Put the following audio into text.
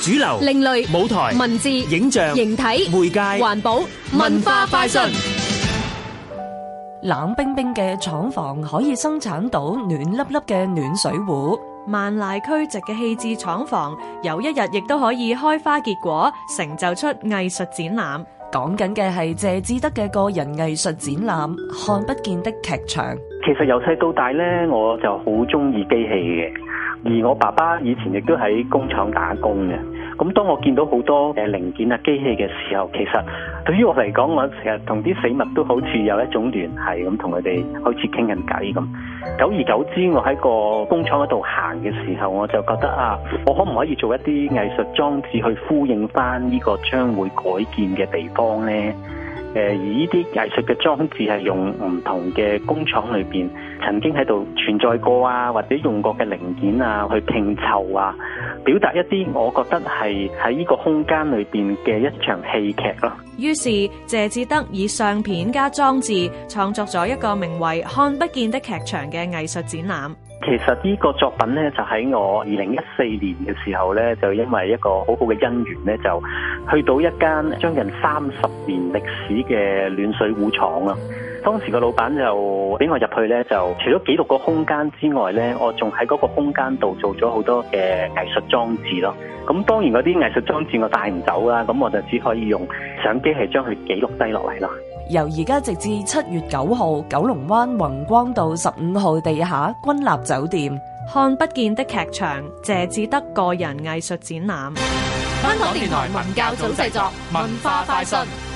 主流、另類舞台、文字、影像、形體、媒介、環保、文化、快訊。冷冰冰嘅廠房可以生產到暖粒粒嘅暖水壺，萬籟俱寂嘅氣質廠房有一日亦都可以開花結果，成就出藝術展覽。講緊嘅係謝志德嘅個人藝術展覽《看不見的劇場》。其實由細到大咧，我就好中意機器嘅。而我爸爸以前亦都喺工廠打工嘅，咁當我見到好多誒、呃、零件啊、機器嘅時候，其實對於我嚟講，我成日同啲死物都好似有一種聯繫咁，同佢哋好似傾緊偈咁。久而久之，我喺個工廠嗰度行嘅時候，我就覺得啊，我可唔可以做一啲藝術裝置去呼應返呢個將會改建嘅地方呢？」誒，而呢啲藝術嘅裝置係用唔同嘅工廠裏邊曾經喺度存在過啊，或者用過嘅零件啊，去拼湊啊。表達一啲，我覺得係喺呢個空間裏邊嘅一場戲劇咯。於是謝志德以相片加裝置創作咗一個名為《看不見的劇場》嘅藝術展覽。其實呢個作品呢，就喺我二零一四年嘅時候呢，就因為一個好好嘅因緣呢，就去到一間將近三十年歷史嘅暖水壺廠啦。當時個老闆就俾我入去咧，就除咗記錄個空間之外咧，我仲喺嗰個空間度做咗好多嘅藝術裝置咯。咁當然嗰啲藝術裝置我帶唔走啦，咁我就只可以用相機係將佢記錄低落嚟咯。由而家直至七月九號，九龍灣宏光道十五號地下君立酒店，看不見的劇場，謝至德個人藝術展覽。香港電台文教組製作文化快訊。